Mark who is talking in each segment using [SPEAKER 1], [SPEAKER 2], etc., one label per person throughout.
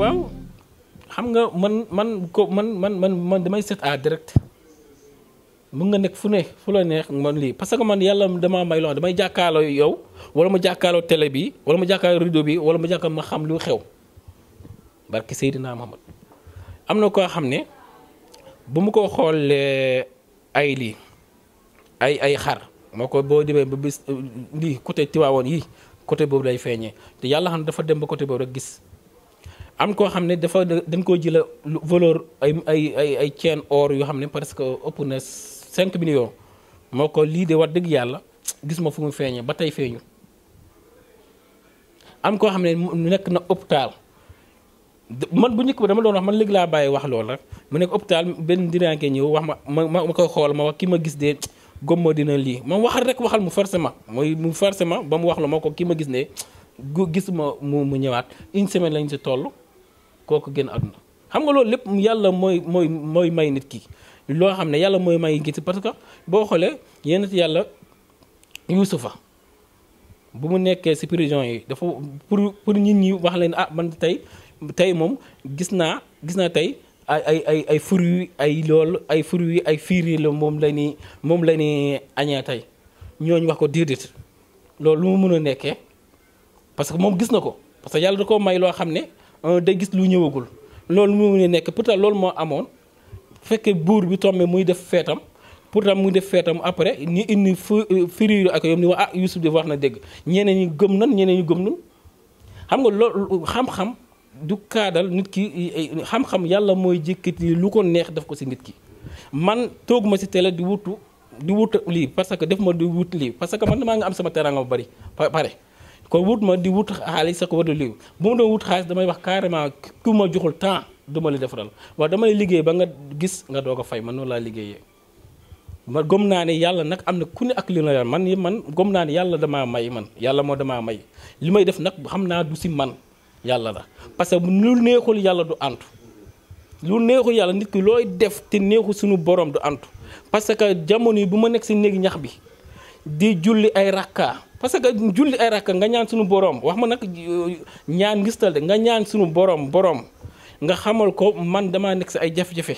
[SPEAKER 1] waaw xam nga man man ko man man man man damay seet à direct mën nga nekk fu ne fu la neex man lii parce que man yàlla damaa may loo damay jàkkaarloo yow wala ma jàkkaarloo tele bi wala ma jàkkaarloo rideau bi wala ma jàkkaarloo ma xam lu xew barke Seydina Muhammad am na koo xam ne bu mu ko xoolee ay lii ay ay xar moo ko boo demee ba bis lii côté Tiwaawoon yii côté boobu lay feeñee te yàlla xam ne dafa dem ba côté boobu rek gis am koo xam ne dafa dañ koo jëla valeur ay ay ay ay chaîne or yoo xam ne parce que ëpp na cinq millions moo ko lii de wax dëgg yàlla gis ma fu mu feeñee ba tey feeñu am koo xam ne nekk na hôpital man bu njëkk ba dama doon wax man léegi laa bàyyi wax loolu rek mu nekk hôpital benn diraanke ñëw wax ma ma ma koy xool ma wax ki ma gis de gomm dina lii ma waxal rek waxal mu force ma mooy mu ma ba mu wax lu moo ko ki ma gis ne gu gis ma mu mu ñëwaat une semaine lañ si toll. kooku génn àdduna xam nga loolu lépp yàlla mooy mooy mooy may nit ki loo xam ne yàlla mooy may nit ki parce que boo xoolee yenn ci yàlla yuusufa bu mu nekkee ci prison yi dafa pour pour nit ñi wax leen ah man tey tey moom gis naa gis naa tey ay ay ay ay ay loolu ay fruits ay fiiri la moom la ni moom la ni añee tey ñooñu wax ko déedéet loolu lu mu mën a nekkee parce que moom gis na ko parce que yàlla da koo may loo xam ne Euh, day gis lu ñëwagul loolu mu ne nekk pourtant loolu moo amoon fekkee buur bi tombé muy def feetam pourtant muy def feetam après ni indi euh, firiiru ak yoom ni wax ah Youssouf di wax na dégg ñeneen ñi gëm nan ñeneen ñi gëm nan xam nga loolu xam-xam du kaadal nit ki euh, xam-xam yàlla mooy yi lu ko neex def ko si nit ki man toog ci si télé di wutu di wut lii parce que def ma di wut lii parce que man maa nga am sama teraanga bu bari pare kon wut ma di wut xaalis ak wala lii bu ma wut xaalis damay wax carrément ku ma joxul temps duma ma la defaral waaye damay liggéey ba nga gis nga doo ko fay man noonu laa liggéeyee. ma gëm naa ne yàlla nag am na ku ne ak li la yor man man gëm naa ne yàlla damaa may man yàlla moo damaa may li may def nag xam naa du si man yàlla la parce que lu neexul yàlla du antu. lu neexu yàlla nit ki looy def te neexu suñu borom du antu parce que jamono yi bu ma nekk si néeg ñax bi di julli ay rakka parce que julli ay rak nga ñaan suñu borom wax ma nak euh, ñaan ngistal de nga ñaan suñu borom borom nga xamal ko man dama nek si ay jaf jafé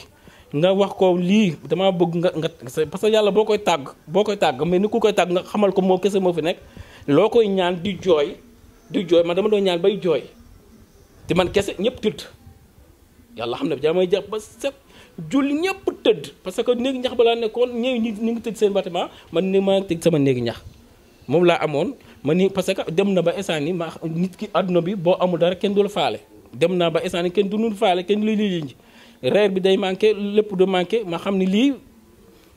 [SPEAKER 1] nga wax ko li dama bëgg nga nga parce que yalla bokoy tag bokoy tag mais ni ku koy tag nga xamal ko mo kese mo fi nek lokoy ñaan di joy di joy man dama do ñaan bay joy di man kese ñepp tut yalla xamna ne jaamay jàpp ba sepp julli ñepp teud parce que neeg ñax bala nekkon ñew ñi ngi teud seen bâtiment man ni ma sama neeg ñax moom laa amoon ma ni parce que dem na ba instant ni ma nit ki àdduna bi boo amul dara kenn du la faale dem na ba instant ni kenn du ñu faale kenn lu lii ji reer bi day manqué lépp du manqué ma xam ni lii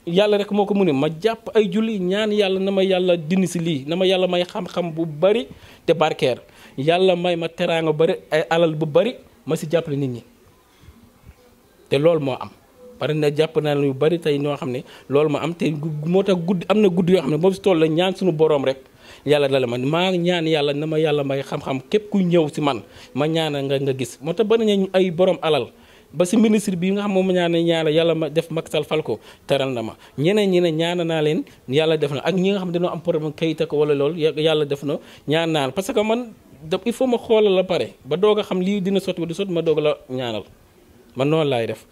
[SPEAKER 1] yàlla rek moo ko mu ne ma jàpp ay julli ñaan yàlla na ma yàlla dind si lii na ma yàlla may xam-xam bu bari te barkeer yàlla may ma teraanga bari ay alal bu bari ma si jàppale nit ñi te loolu moo am bari na jàpp naa lu bari tey ñoo xam ne loolu ma am te moo tax am na guddi yoo xam ne moom si la ñaan suñu boroom rek yàlla dala man maa ñaan yàlla na ma yàlla may xam képp ku ñëw si man ma ñaana nga nga gis moo tax bari nañu ay borom alal ba si ministre bi nga xam moom ñaan ñaana yàlla ma def Macky Sall fal ko teral na ma ñeneen ñi ne ñaana naa leen yàlla def na ak ñi nga xam dañoo am problème kayit ko wala loolu yàlla def na ñaan naa parce que man da il faut ma xoolal la pare ba doog a xam lii dina sot ba du sotti ma doog la ñaanal man noonu laay def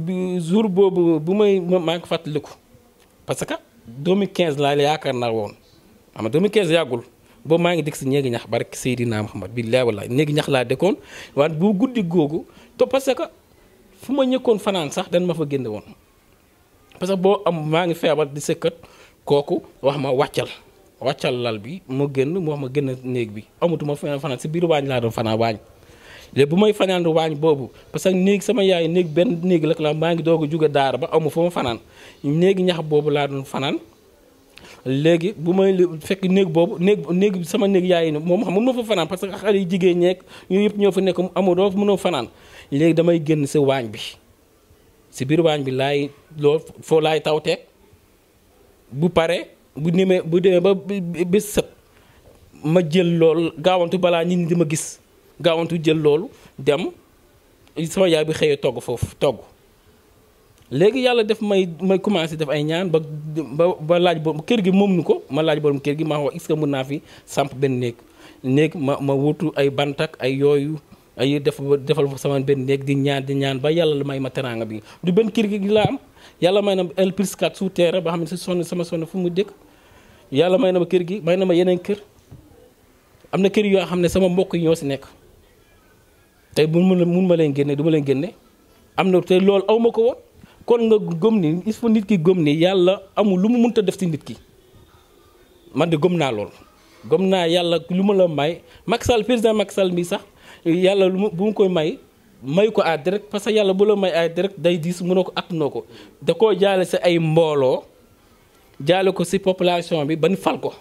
[SPEAKER 1] bi jour boobu bu may maa ngi ko fàttaliku parce que quinze laa la yaakaar naa woon am ama quinze yàggul boobu maa ngi dëkk si néegi ñax barke Seydina Muhammad billaahi wallaahi néegi ñax laa dëkkoon waaye bu guddi googu te parce que fu ma ñëkkoon fanaan sax dañ ma fa génne woon parce que boo am maa ngi feebar di sëkkat kooku wax ma wàccal wàccal lal bi mu génn mu wax ma génn néeg bi amatuma fanaan si biir waañ laa doon fanaan waañ léegi bu may fanaan waañ boobu parce que néeg sama yaay néeg benn néeg la la maa ngi doog a jóge daara ba amu foo fanaan néegi ñax boobu laa doon fanaan léegi bu may fekk néeg boobu néeg néeg sama néeg yaay moom xam mën ma fa fanaan parce que xale yi jigéen ñeeg yooyu yëpp ñoo fa nekk amu doo mënoo fanaan léegi damay génn si waañ bi si biir waañ bi laay lool foo laay tawteeg bu pare bu nemee bu demee ba bés sët ma jël lool gaawant balaa ñi di ma gis gaawantu jël loolu dem sama yaay bi xëyee togg foofu togg léegi yàlla def may may commencé def ay ñaan ba ba laaj borom kër gi moom nu ko ma laaj borom kër gi ma wax que mën naa fi samp benn néeg néeg ma ma wutu ay bantak ay yooyu ay def defal fa sama benn néeg di ñaan di ba yàlla la may ma teraanga bi du benn kër gi laa am yàlla may na el plus 4 sous ba xam ne si sonn sama sonn fu mu dëkk yàlla may na ma kër gi may na ma yeneen kër am na kër yoo xam ne sama mbokk yi ñoo si nekk tey bu mun mun ma leen génne du leen génne am na te lool awma ko woon kon nga gëm ni il faut nit ki gëm ni yàlla amul lu mu mënta def ci nit ki man de gëm naa lool gëm naa yàlla lu ma la may Macky président Macky Sall sax yàlla lu bu mu koy may may ko à direct parce que yàlla bu may à direct day diis mënoo ko at noo ko da koo jaale sa ay mbooloo jaale ko si population bi ban fal ko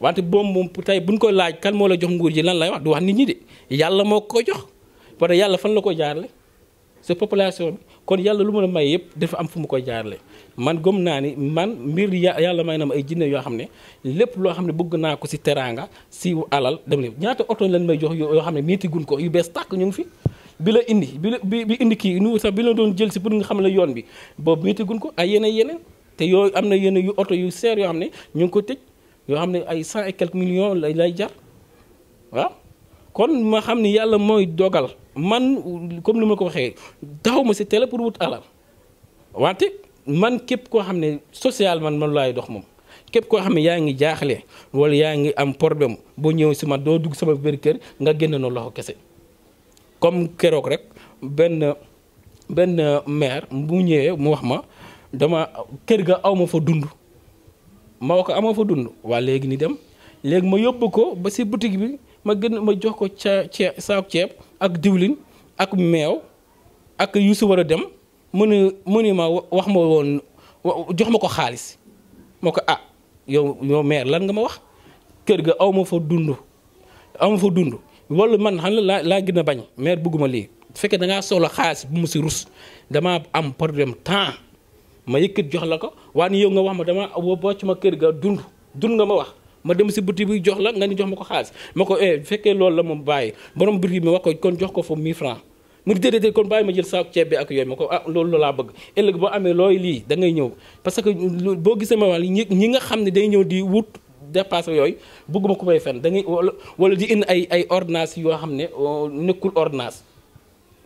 [SPEAKER 1] wante boobu moom tey buñ ko laaj kan moo la jox nguur ji lan lay wax du wax nit ñi de yàlla moo ko jox parce que yàlla fan la ko jaarale sa population bi kon yàlla lu mën a may yëpp dafa am fu mu koy jaarale man gëm naa ni man mbir yàlla may na ay jinne yoo xam ne lépp loo xam ne bëgg naa ko si teraanga si alal dem ne ñaata oto lañ may jox yoo xam ne niiti gun ko yu bees tàkk ñu ngi fi bi la indi bi la bi indi kii nu sax bi la doon jël si pour nga xam ne yoon bi boobu niiti gun ko ay yeneen yeneen te yooyu am na yeneen yu oto yu seer yoo xam ne ñu ngi ko tëj yoo xam ne ay cent et millions lay lay jar kon ma xam ni yàlla mooy dogal man comme ni ma ko waxee taxaw ma si tele pour wut alal wante man képp koo xam ne social man man laay dox moom képp koo xam ne yaa ngi jaaxle wala yaa ngi am problème boo ñëw si man doo dugg sama biir kër nga génn na loxo kese comme keroog rek benn benn maire bu ñëwee mu wax ma dama kër ga aw ma fa dund ma wax ko amoo fa dund waa léegi ni dem léegi ma yóbbu ko ba si boutique bi ma gën ma jox ko ca cee saako ceeb ak diwlin ak meew ak yu war a dem mu ne mu ne ma wax ma woon jox ma ko xaalis moo ko ah yow yow maire lan nga ma wax kër ga aw ma fa dund aw ma fa dund wala man xam la laa laa gën a bañ maire bëgguma lii bu fekkee da ngaa soxla xaalis bu mu si rus damaa am problème temps ma yëkkat jox la ko waaye yow nga wax ma dama boo ci ma kër ga dund dund nga ma wax ma dem si boutique bi jox la nga ni jox ma ko xaalis ma ko eh fekkee lool la moom bàyyi borom boutique bi wax ko kon jox ko fa 1000 francs mu di déedéet kon bàyyi ma jël saako ceeb bi ak yooyu ma ko ah loolu laa bëgg ëllëg boo amee looy lii da ngay ñëw parce que boo gisee ma wàll ñi ñi nga xam ne day ñëw di wut dépasse yooyu bëgguma ko may fenn da ngay wala di indi ay ay ordonnance yoo xam ne oh, nekkul ordonnance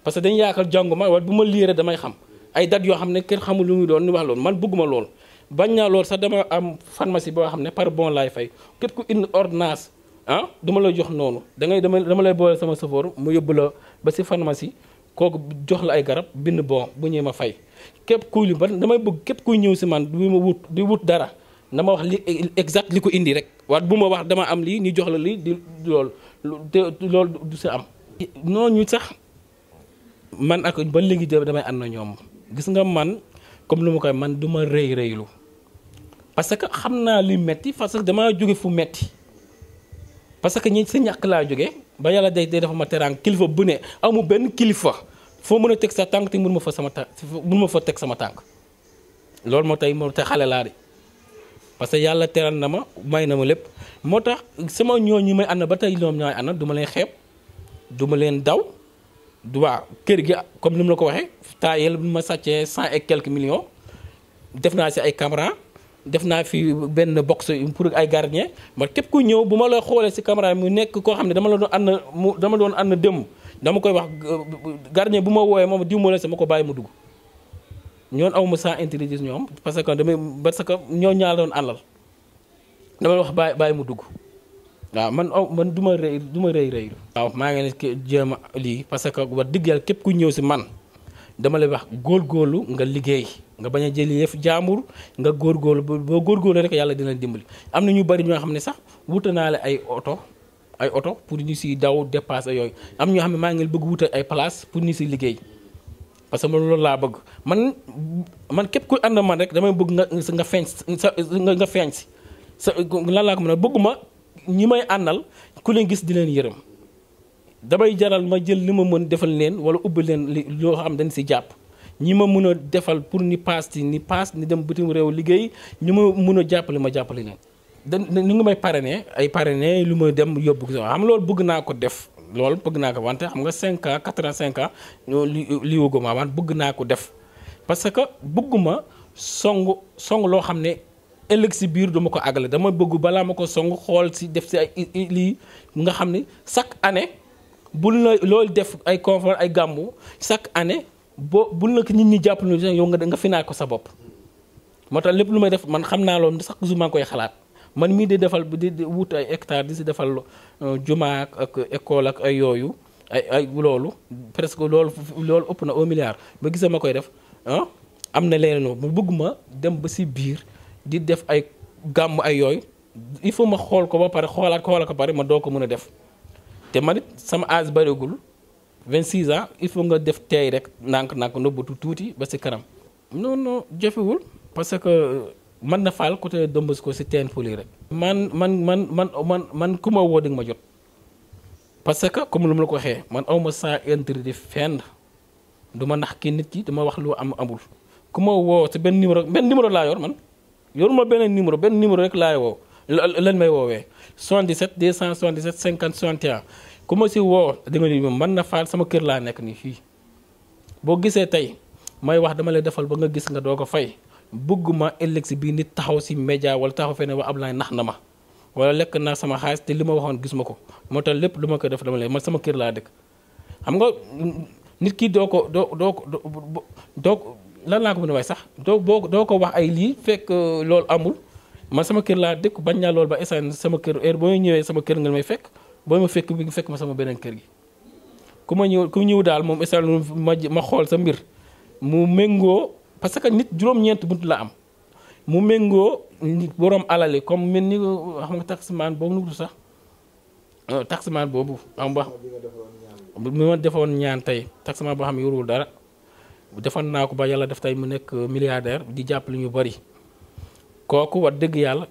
[SPEAKER 1] parce que dañu yaakaar jàngu ma wala bu ma liiree damay xa ay date yoo xam ne kenn xamul lu muy doon ni wax man bëgguma loolu bañ naa loolu sax dama am pharmacie boo xam ne par bon laay fay képp ku indi ordonnance ah duma ma la jox noonu da ngay dama dama lay boole sama safoor mu yóbbu la ba si pharmacie kooku jox la ay garab bind bon bu ñëwee ma fay. képp kuy li ma damay bëgg képp ku ñëw si man du ma wut di wut dara na wax li exact li ko indi rek waaye bu ma wax dama am lii ñu jox la lii di loolu te du si am. noonu sax man ak ba léegi damay ànd na ñoom gis nga man comme lu ma koy man du ma rëy rëylu parce que xam naa li metti parce que damaa jóge fu metti parce que ñi si ñàkk laa jóge ba yàlla day de dafa ma teraang kilifa bu ne amu benn kilifa foo mën a teg sa tànk te mën ma fa sama tànk mën ma fa teg sama tànk loolu moo tey moo tax xale parce que yàlla teral na ma may na ma lépp moo tax sama ñoo ñi may ànd ba tey ñoom ñooy ànd du ma leen xeeb du ma leen daw du waa kër gi comme ni mu la ko waxee taayel ma sàccee cent et quelques millions def naa si ay caméra def naa fi benn box pour ay gardien ma képp ku ñëw bu ma la xoolee si caméra mu nekk koo xam ne dama la doon ànd mu dama doon ànd dem dama koy wax gardien bu ma wooyee moom diw moo sama ko bàyyi mu dugg ñoon aw ma sans intelligence ñoom parce que damay parce que ñoo ñaar doon dama wax bàyyi bàyyi mu dugg waaw man man du ma rëy du ma rëy rëy waaw maa ngi ne jéem a lii parce que wax dëgg yàlla ku ñëw si man dama la wax góor góorlu nga liggéey nga bañ a jël yëf jaambur nga góor góorgóorlu boo góorgóorlu rek yàlla dina dimbali am na ñu bari ñoo xam ne sax wuta naa la ay oto ay oto pour ñu si daw dépassé yooyu am ñoo xam ne maa ngi bëgg wuta ay place pour ñu si liggéey parce que man loolu laa bëgg man man képp ku ànd man rek damay bëgg nga nga feeñ sa nga feeñ si sa lan laa ko mën a bëgguma ñi may àndal ku leen gis di leen yërëm damay jaral ma jël li ma mën defal leen wala ubbi leen li loo xam dañ si jàpp ñi ma mën a defal pour ni paas ci ni paas ni dem bitim réew liggéey ñu ma mën a jàppale ma jàppale leen. dañ ni nga may ne ay parrainé lu ma dem yóbbu ko xam loolu bëgg naa ko def lool bëgg naa ko wante xam nga 5 ans 85 ans li li wóogu ma waan bëgg naa ko def parce que ma song song loo xam ne. ëllëg si biir duma ko àggale dama bëgg balaa ma ko song xool si def si ay lii nga xam ne chaque année bul la loolu def ay conférence ay gàmbu chaque année boo bul la ko nit ñi jàpp ne yow nga nga fi naa ko sa bopp. moo tax lépp lu may def man xam naa loolu sax jour maa ngi koy xalaat man mii di defal di wut ay hectares di si defal euh, jumaa ak école ak ay yooyu ay presque loolu ëpp na au milliard ba gisee ma koy def ah am na leneen bu bëgg ma dem ba si biir di def ay gàmmu ay yooyu il faut ma xool ko ba pare xoolaat ko ko pare ma doo ko mën a def. te man it sama âge bëreegul 26 ans il faut nga def teey rek nànk-nànk nëbbatu tuuti ba si kanam. noonu non jafewul parce que euh, man na faal côté dëmbës ko si teen poli rek. man man man man man man ku ma woo di ma jot parce que comme lu ma la ko waxee man aw ma saa intérêt di fenn du ma nax ki nit ki dama wax lu am amul. ku ma woo si benn numéro benn numéro laa yor man ma benn numéro benn numéro rek laay woo. lan may wowe 77 277 50 61 sept ci si un da nga ni na faal sama kër la nek ni fi bo gisee tay may wax dama lay defal ba nga gis nga fay buguma wala taxaw wa ablay na wala lek na sama te lima waxon gis mako motal lepp luma ko sama la xam nga nit ki doko doko doko lan man sama kër laa dëkk bañ naa lool ba instant sama kër heure boo ñëwee sama kër nga may fekk boo ma fekk bi nga fekk ma sama beneen kër gi ku ma ñëw ku ñëw daal moom instant ma ma xool sa mbir mu méngoo parce que nit juróom-ñeent bunt la am mu méngoo borom alali comme mel ni xam nga taximaan boobu nu sax euh, taximaan boobu am ba mi ma defoon ñaan tey taximaan boo xam ne dara defoon naa ko ba yàlla def tey mu nekk milliardaire di jàpp li ñu bari kooku war dégg yàlla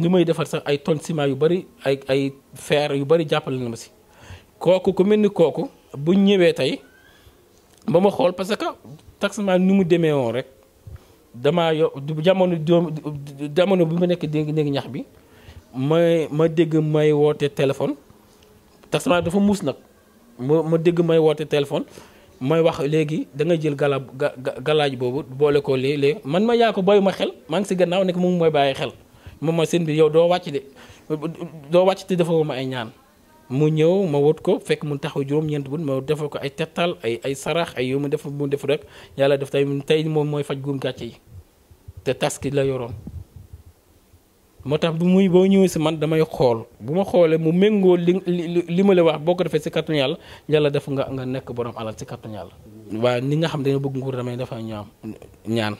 [SPEAKER 1] ni may defar sax ay tonne ciment yu bari ay ay fer yu bari jàppale na ma si kooku ku mel ni kooku bu ñëwee tey ba ma xool parce que taximaan ni mu demee woon rek damaa yo jamono jamono bi ma nekk dégg néegi ñax bi may ma dégg may woote téléphone taximaan dafa muus nag ma ma dégg may woote téléphone mooy wax léegi da nga jël gala galaaj boobu boole ko lii léegi man ma yaa ko bàyyi ma xel maa ngi si gannaaw nekk moom mooy bàyyi xel moom ma seen bi yow doo wàcc de doo wàcc te defoo ma ay ñaan mu ñëw ma wut ko fekk mu taxaw juróom-ñeent bu ma defal ko ay tettal ay ay sarax ay yow mu def mu def rek yàlla def tey tey moom mooy faj guum gàcce yi te taski la yoroon motax bumi bu muy bo ñëwee ci man damay xol bu ma xoolee mu mengo li ma la wax boko ko ci si yalla yalla def nga nga nek borom alal ci yalla wa ni nga xam dañu bëgg nguur damay dafa ñaan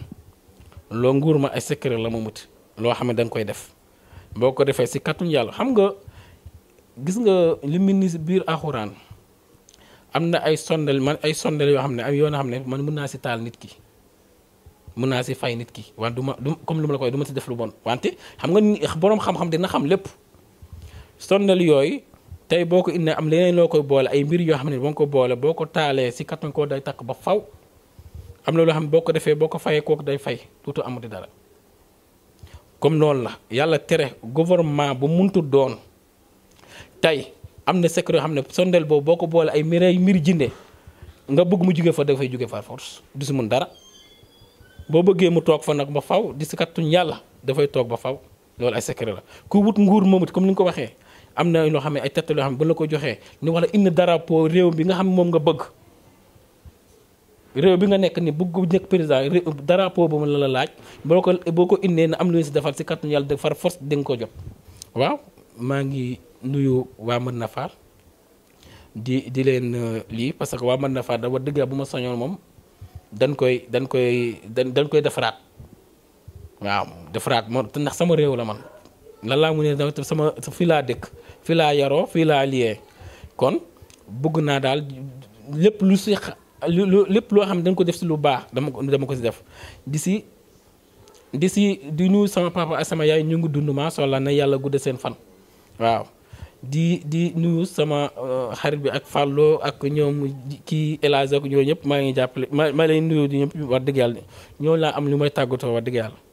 [SPEAKER 1] lo nguur ma ay secret la ma muti loo xam koy def boko ko ci si yalla xam nga gis nga li mu ni si ay sondel man ay sondel yo ay man mëna ci tal nit ki. mun naa si fay nit ki wante du ma comme lu ma la koy du ma si def lu bon wante xam nga boroom xam-xam dina xam lépp sondal yooyu tey boo ko indee am leneen loo koy boole ay mbir yoo xam ne boo ko boole boo ko taalee si kattan day takk ba faw am na loo xam ne boo ko defee boo ko fayee kooku day fay tuutu amati dara comme noonu la yàlla tere gouvernement bu muntu doon tey am na secret yoo xam ne sondel boobu boo ko boole ay mbir ay mbir jinde nga bëgg mu jóge fa dafay jóge fa force du si mun dara boo bëggee mu toog fa nag ba faw di si kattuñ yàlla dafay toog ba faw loolu ay secret la ku wut nguur moomut comme ni nga ko waxee am na loo xam ne ay tett loo xam ne la ko joxee ni wala indi drapeau réew bi nga xam moom nga bëgg bi nga nekk ni bëgg nekk président drapeau ba mu la la laaj boo ko boo ko indee na am lu ñu si defal si kattuñ yàlla de far force di nga ko jot waaw maa ngi nuyu waa mën na faal di di leen euh, lii parce que waa mën na faal da wax bu ma soñoon moom dañ koy dañ koy dañ koy defaraat waaw defaraat man ndax sama réew la man lan laa mu nee da sama fi laa dëkk fii laa yaroo fii laa liyee kon bëgg naa daal lépp lu si lu lépp loo xam ne dañ ko def si lu baax dama ko dama ko si def di si di si di nuyu sama papa ak sama yaay ñu ngi dund maa soxla na yàlla gudd seen fan waaw di di nuyu sama euh, xarit bi ak Fallou ak ñoom kii El Hadj ak ñoo ñëpp maa ngi jàppale ma maa lay nuyu di ñëpp wax dëgg yàlla ñoo laa am lu may tàggatoo wax dëgg yàlla.